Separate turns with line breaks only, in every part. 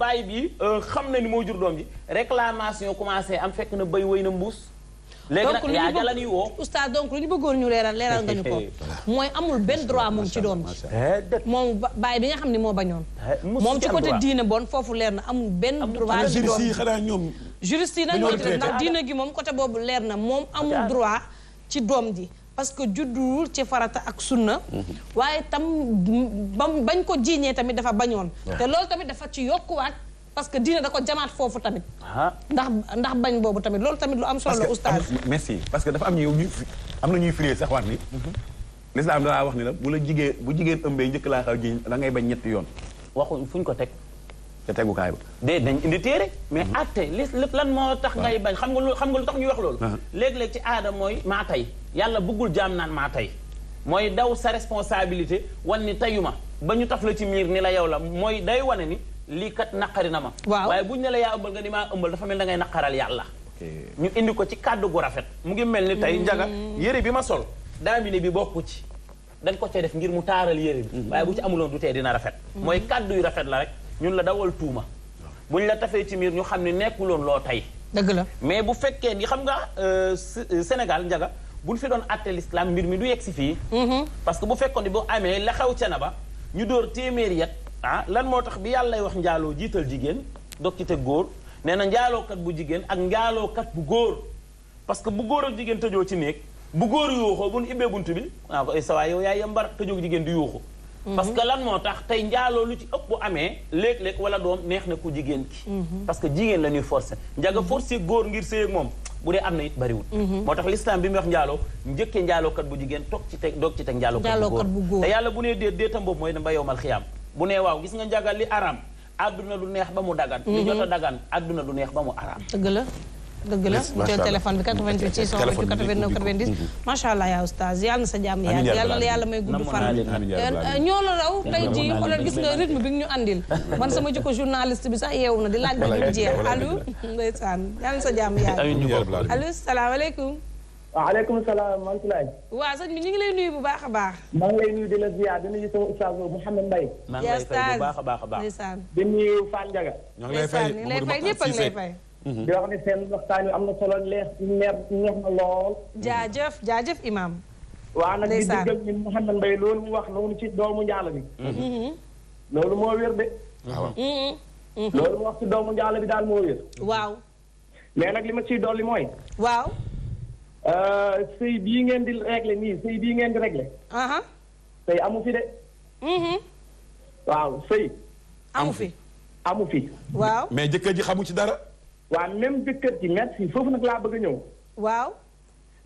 bàyyi bi euh, xam na ni moo jur doom ji réclamation commencé am fekk na béy wéy na mbuus. léegi nag yaa jala ni woo
oustaz donc lu ñu bëggoon ñu leeral leeral nga ñu ko mooy amul benn droit moom ci doom ji moom bàyyi bi nga xam ne moo bañoon eh, moom ci côté diine bon foofu leer na amul benn droit ci doom ji xanaa ñoom juriste yi nag ñoo ndax diine gi moom côté boobu leer na moom amul droit ci doom ji parce que judduwul ci farata ak sunna waaye tam bam bañ ko jiiñee tamit dafa bañoon te lool tamit dafa ci yokkuwaat parce que diine da ko jamaat foofu tamit ah. ndax ndax bañ boobu tamit loolu tamit lu am solo la oustaz
merci parce que dafa am ñu am na ñuy firee sax wax ni mhm. lislaam dalaa wax ni la bu la jigee bu jigéen ëmbee njëkk laa xaw jiiñ da ngay bañ ñetti yoon waxuñ ñu ko teg te tegukaay
ba. déedéet dañ indi téere mais mhm. atte li lépp lan moo tax ngay bañ xam nga lu xam nga lu tax ñu wax loolu. léegi ah. léeg ci aada mooy maa tey yàlla bëggul jaam naan maa tey mooy daw sa responsabilité wan ni tayuma ba ñu taf la ci miir ni la yow la mooy day wane ni lii kat naqari na ma. waaw bu ne la yaa ëmbal nga ni maa ëmbal dafa mel da ngay naqaral yàlla. ñu indi ko ci kàddu gu rafet. mu ngi mel ni tey mm. njaga yére bi ma sol daamine bi bokku ci dañ ko cee def ngir mu taaral yére mm. waaye bu ci amuloon du dina rafet. Mm. mooy kàddu yu rafet la rek ñun la dawal tuuma ñu la tafee ci miir ñu xam ne nekkuloon loo tey. dëgg la mais bu fekkee ni xam nga euh, euh, Sénégal njaga buñ fi doon àtte l'islam mbir mi du yegg si fii. Mm-hmm. parce que bu fekkoon ne boo amee la xew ca na ba ñu dóor téeméeri yat ah lan moo tax bi yàlla lay wax njaaloo jiital jigéen dog góor ne na kat bu jigéen ak kat bu góor parce que bu góor ak jigéen tëjoo ci néeg bu góor yuuxoo bu nu ibbee bunt bi ah ko ay sa waay yow yaay yambar tëjoo di yuuxu parce que lan moo tax tey njaaloo lu ci ëpp amee léeg-léeg wala doom neex na ku jigéen ki mhm. parce que jigéen la ñuy forcer njaga forcer góor ngir sëy moom bu dee am na it bariwul mhm. moo tax l'islam bi muy wax njaaloo njëkkee njaalookat bu jigéen toog ci teg doog ci teg njaalookat bu góor te yàlla bu nee déet déetam boobu mooy dem ba yowmal xiyaam bu nee waaw gis nga njagal li araam àdduna lu neex ba mu dagan li mhm. jot a dagan àdduna lu neex ba mu araam
dëgg la dëgg la mu jël téléphone bi 88 628 89 90 macha allah yaa oustaz yàlla na sa jàmm yaa yàlla na yàlla may gudd fan
eh,
ñoo la raw tey jii xoolal gis nga rythme bi ñu andil man sama jikko journaliste bi sax yeewu na di laaj bi ñu jeex allo ndeysaan yàlla na sa jàmm yaa allo salaamaaleykum waaleykum salaam man Soulay waaw sëñ bi ñu ngi lay nuyu bu baax a baax maa ngi lay nuyu
di la ziar di nuyu sama oustaz boobu Mouhamed Mbaye maa ngi lay fay bu baax a baax a baax di nuyu Fall Ndiaga ñoo ngi lay fay ñëpp a ngi lay fay Mhm. di wax ne seen waxtaan wi am na solo leex neex
neex na lool. jaajëf jaajëf imam
waa nag di diggal ñun Mouhamed Mbaye loolu mu wax noonu ci doomu njaalo bi. Mhm. Mhm. loolu moo wér de. Ah, waaw. mu wax ci doomu njaalo bi daal moo wér. waaw. mais nag li ma ciy dolli mooy. waaw. Euh, sëy bii ngeen di réglé nii sëy bii ngeen di réglé. sëy amu fi de. waaw sëy. amu ji xamu ci dara. waa même jëkkër ji merci foofu nag laa bëgg a ñëw. waaw.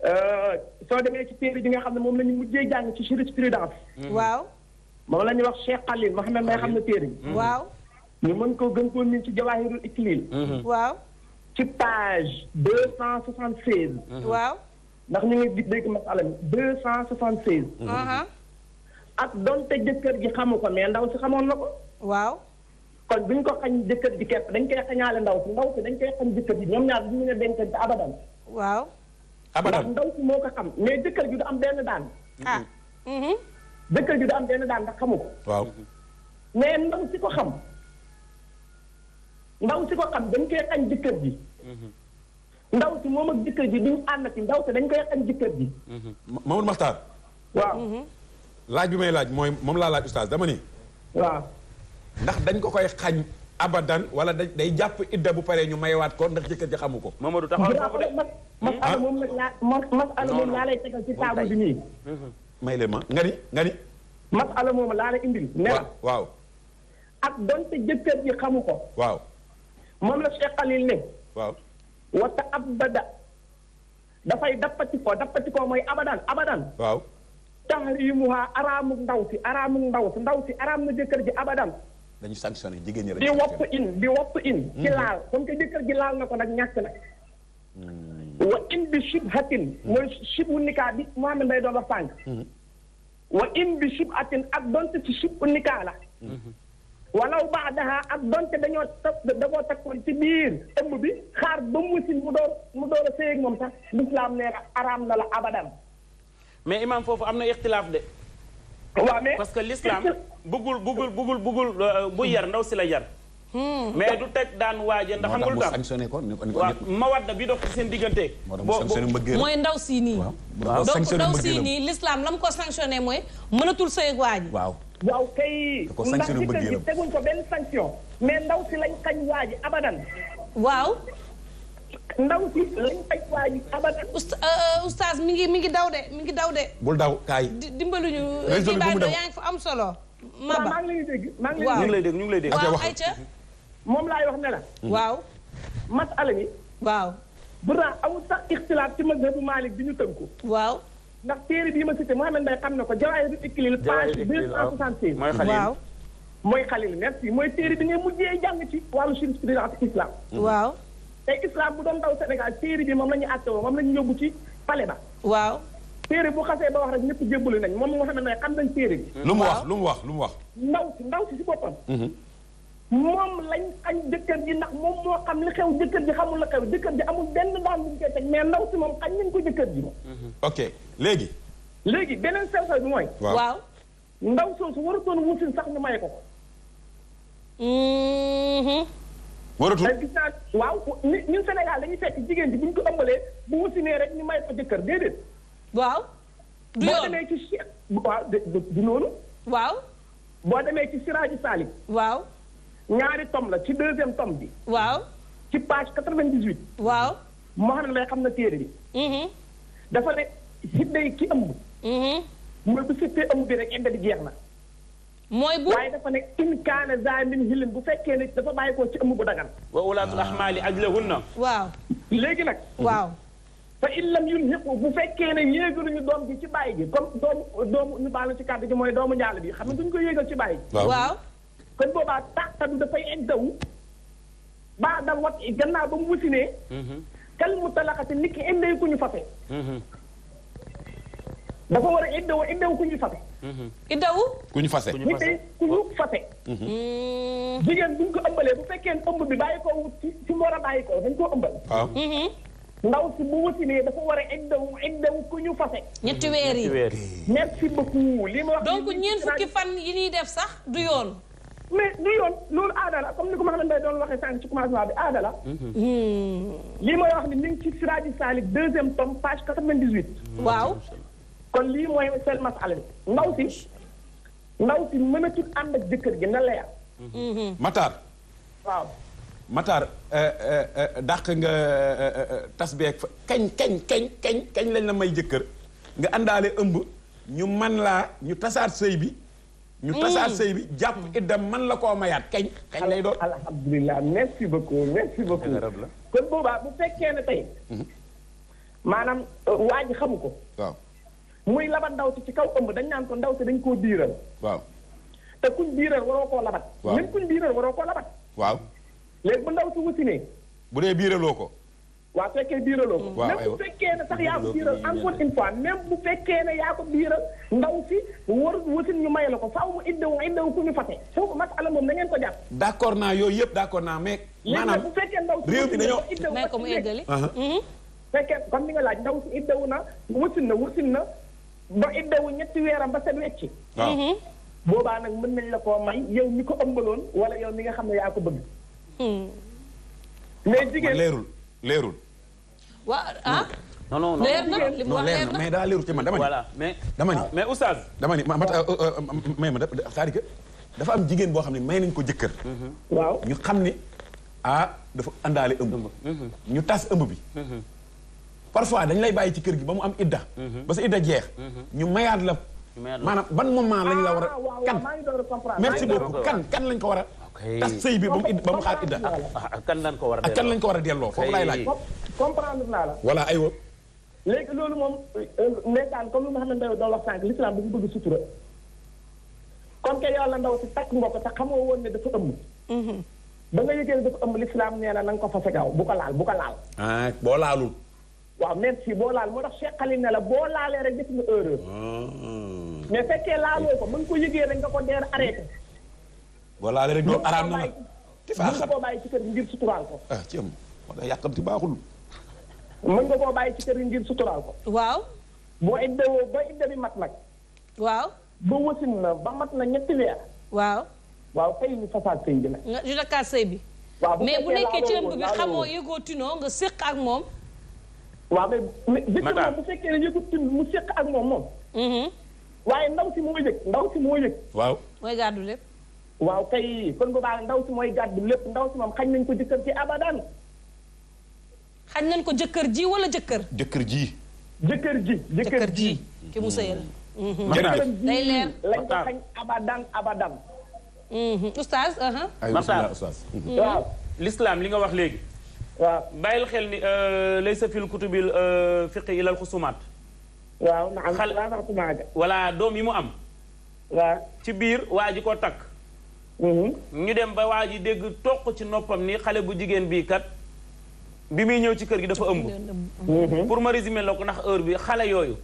Euh, soo demee ci téere bi nga xam ne moom la ñu mujjee jàng ci jurisprudence. Mhm. waaw. moom la ñuy wax Cheikh Khalil Mohamed may xam ne téere bi. Mhm. waaw. ñu mën koo gën koo miin ci Jawahirul Iklil. Mhm. waaw. ci page deux cent soixante seize. waaw. ndax ñu ngi dégg masala mi deux cent soixante seize. Uh-huh. ak donte jëkkër ji xamu ko mais ndaw si xamoon na ko. waaw. kon bu ñu ko xañ jëkkër ji dañ koy xañaale ndaw si ndaw si dañ koy xañ jëkkër ji ñoom ñaar du ñu ne dencante abadan waaw abadan ndax ndaw moo ko xam mais jëkkër ji du am benn daan ah mm-hmm. jëkkër ji am benn daan ndax xamu ko waaw mais ndaw si ko xam ndaw si ko xam dañ koy xañ jëkkër ji mm-hmm. ndaw si moom ak jëkkër ji duñ ànd ci ndaw si dañ koy xañ jëkkër ji mm-hmm. Mamadou Makhtar waaw laaj bi
may laaj mooy moom laa laaj oustaz dama ni waaw ndax dañ ko koy xañ abadan wala day jàpp idda bu paree ñu mayewaat ko ndax jëkkër ji xamu ko. Mamadou taxawal
foofu moom nag laa masala moom laa lay tegal
may leen ma nga ni nga ni.
masala moom laa lay indil. ne la waaw. ak donte jëkkër ji xamu ko. waaw. moom la Cheikh Khalil ne. waaw. wata abada. dafay dappati ko dappati ko mooy abadan abadan. waaw. taxrimuha araamu ndaw si araamu ndaw si ndaw si araam na jëkkër ji abadan. dañu sanctionné jigéen ñi rek. di wopp in di wopp in. Hmm. ci laal comme que jëkkër ji laal na ko nag ñàkk na. Hmm. wa in bi shubhatin. Hmm. mooy shibu nikaa bi Mouhamed Mbaye doon wax sànq. wa in bi shubhatin ak donte ci shibu nikaa la. walaw baadaha ak donte dañoo takk da koo ci biir ëmb bi xaar ba mu musin mu door mu door a sëy moom sax lislaam nee na araam na la abadan
mais imam foofu am na ixtilaaf de. waaw mais parce que l'islam buggul buggul buggul buggul euh, bu yar ndaw si la yar.
Hmm.
mais du
teg daan waaje ndax xam nga lu tax sanctionné ko waaw mawadda bi dox ci seen diggante mooy
ndaw sii nii donc ndaw sii nii l'islam la mu ko sanctionné mooy mënatul sëy ak waaji waaw waaw kay ndax ci kër gi teguñ ko benn sanction mais ndaw si lañ xañ waaji abadan waaw ndaw si lañ faj waa ji abadan. Euh, oustaz mi ngi mi ngi daw de mi ngi daw de. bul daw kaay. ñu réseau bi yaa ngi fa am solo. Maba maa ngi lay dégg. maa ngi lay dégg ñu ngi lay dégg. waaw ayca moom
laay wax ne la. waaw. masala bi. waaw. bu ra amul sax ixtilaaf ci mazhabu Malik bi ñu tënku. waaw. ndax téere bii ma cité Mouhamed Mbaye xam na ko Jawaahirul Iklil page 266 mooy xalil waaw. mooy xalil merci mooy téere bi ngay mujjee jàng ci wàllu jurisprudence islam. waaw. te tey islam bu doon daw Sénégal téere bi moom la ñu àtte woo moom la ñu yóbbu ci pale ba. waaw. téere bu xasee ba wax rek ñëpp jébbalu nañ moom moo xam ne xam nañ téere bi. lu mu wax
lu mu wax lu mu wax.
ndaw si ndaw si si boppam. Mhm. moom lañ añ jëkkër ji ndax moom moo xam li xew jëkkër ji xamul la xew jëkkër ji amul benn daan bu ñu koy mais ndaw si moom añ nañ ko jëkkër ji. Mhm. ok léegi. léegi beneen sew sew bi mooy. waaw ndaw soosu waratoon wuusin sax ñu maye ko ko. Mhm. waratul waaw ni ñun Sénégal dañuy fekk jigéen ji bu ñu ko ëmbalee bu wasinee rek ñu may ko jëkkër déedéet. waaw. du yoon boo demee ci si waaw du waaw. boo demee ci Siraaji Saalik. waaw. ñaari tom la ci deuxième tom bi. waaw. ci page quatre-vingt-dix-huit. waaw. Mohamed lay xam na téere bi. Mm-hmm. dafa ne si day ki ëmb. Mm-hmm. mooy bu si ëmb bi rek indi jeex na. mooy bu dafa nekk in kaana za min hilin bu fekkee ne dafa bàyyi ko ci ëmb bu dagan
wa ulaatul ah. ahmaali ajlahunna
waaw léegi nag waaw fa in lam yunhiqu bu fekkee ne yéegaluñu doom bi ci bàyyi ji comme doomu doomu ñu baalu ci kàddu gi mooy doomu njaal bi xam ne duñu ko yéegal ci baay ji waaw kon boobaa tàqadu dafay iddawu baa dal wat gannaaw ba mu wusinee mm-hmm. kal mu talaqati nit ki indee ku ñu fafe mm-hmm. dafa war a iddawu iddawu ku ñu fase. Mhm. iddawu. ku ñu fase nit day ku ñu fase. Mhm. Mm. jigéen bu ñu ko ëmbalee bu fekkee ëmb bi bàyyi ko ci ci mu war a bàyyi ko dañ koo ëmbal. waaw. Mhm. ndaw war a iddawu
iddawu ku ñu fase. ñetti weer yi merci beaucoup li ma wax. donc ñeent fukki fan yi ñuy def sax du yoon. mais du loolu aada la comme ni ko Mouhamed Mbaye doon
waxee sànq ci commencement bi aada la. Hmm. lii may wax ni mi ngi ci Siraji Salik deuxième tome page quatre vingt dix waaw. kon lii mooy seen masala bi ndaw si ndaw si mënatul ànd ak jëkkër gi na leer.
Mhm. Matar. waaw. Matar eh, eh, eh, dàq nga tas beeg fa
kañ kañ kañ
kañ kañ lañ la may jëkkër nga àndaale ëmb ñu man laa ñu tasaat sëy bi.
ñu mm. tasaat sëy
bi jàpp iddam man la koo mayaat kañ. kañ lay doon
alhamdulilah merci beaucoup merci beaucoup. kon boobaa bu fekkee ne tey. Mhm. maanaam waa xamu ko. waaw. muy labat ndaw si ci kaw ëmb dañ naan ko ndaw si dañ koo biiral. waaw te kuñ biiral waroo koo labat. waaw même kuñ biiral waroo koo labat.
waaw léegi bu ndaw si wasinee. bu dee biiraloo ko. waa fekkee biiraloo ko. waaw même bu fekkee
ne sax yaa ko biiral encore une fois même bu fekkee ne yaa ko biiral ndaw si war wasin ñu may la ko faaw mu iddewu iddewu ku ñu fate. foofu masala moom na ngeen ko jàpp.
d' accord naa yooyu yëpp d' naa mais. maanaam bu
fekkee ndaw si réew mi ko mu eggali fekkee comme ni nga laaj ndaw si iddewu na wasin na wasin na ba iddawu ñetti weeram ba set wecci mhm. boobaa nag mën nañ la ko may yow mi ko ëmbaloon wala yow mi nga xam ne yaa ko bëgg. Hmm. mais
jigéen leerul leerul. wa ah. non mais daa leeru ci ma dama ni. mais dama ni ah, mais oustaz. dama ni ma ma euh, euh, euh, may ma c'est-à-dire que dafa am jigéen boo xam ne may nañ ko jëkkër. waaw ñu xam ne a ah, dafa àndaale ëmb. Mhm. ñu tas ëmb bi. Mhm. parfois dañ lay bàyyi ci kër gi ba mu am idda. ba sa idda jeex. ñu mayaat la. maanaam ban moment lañ la war a. Ah,
kan merci beaucoup kan kan lañ ko war a.
tas sëy bi ba mu idda ba ah, ah, kan lañ ko war a delloo kan lañ war a delloo foofu laay laaj. comprendre ay la.
léegi loolu moom ndeysaan euh, comme li nga xamante ne doon wax sànq l'islam dafa bëgg sutura. kon ke yàlla ndaw si takk mbokk te xamoo woon ne dafa ëmb. Mhm. ba nga yëgee dafa ëmb l'islam nee na na nga ko fase gaaw bu ko laal bu ko laal. boo laalul. waaw même si boo laal moo tax seqali na la boo laalee rek def nga erreur. Ah. mais fekkee laaloo ko mën ko yëgee rek nga ko deer arrêté.
boo laalee rek ñoom araam na la
mën nga koo bàyyi ci kër ngir suturaal ko.
ah ceeb moo tax yàqamti baaxul.
mën nga koo bàyyi ci kër ngir suturaal ko. waaw. boo iddewoo ba idda bi mat nag. waaw. ba wasin na ba mat na ñetti weer. waaw. waaw kay ñu fasaat sëy bi nag. nga ñu sëy bi. mais bu nekkee ci ëmb bi xamoo
yëgoo nga séq ak moom.
waaw mais jëkkër moom bu fekkee ne yëgut ci mu seq ak moom moom. Mm-hmm. waaye ndaw si moo yëg ndaw si moo yëg. waaw mooy gàddu lépp. waaw kay kon boobaa ndaw si mooy gàddu lépp ndaw si moom xañ
nañ ko jëkkër ci abadaan. xañ nañ ko jëkkër ji wala jëkkër. jëkkër ji.
jëkkër ji jëkkër ji.
ki mu sëyal. Mm-hmm. jërëjëf day leer lañ ko xañ abadan abadan. Mm-hmm. oustaz. Uh-huh. ay oustaz
waaw. li nga wax léegi. waaw bàyyil xel ni euh, laysa fil kutubil euh, fiqi ilal xusumaat. waaw na am xal voilà doom yi mu am. waaw ci biir waa ji ko takk. Mm-hmm. ñu dem ba waa ji dégg toq ci noppam ni xale bu jigéen bii kat bi muy ñëw ci kër gi dafa ëmb. Mm-hmm. pour ma résumer la ko ndax heure bi xale yooyu.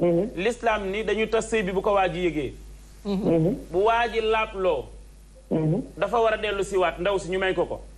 Mm-hmm. l'islam ni dañu tas sëy bi bu ko waa ji yéegee bu waa ji laabloo. dafa war a dellu siwaat ndaw si ñu may ko ko.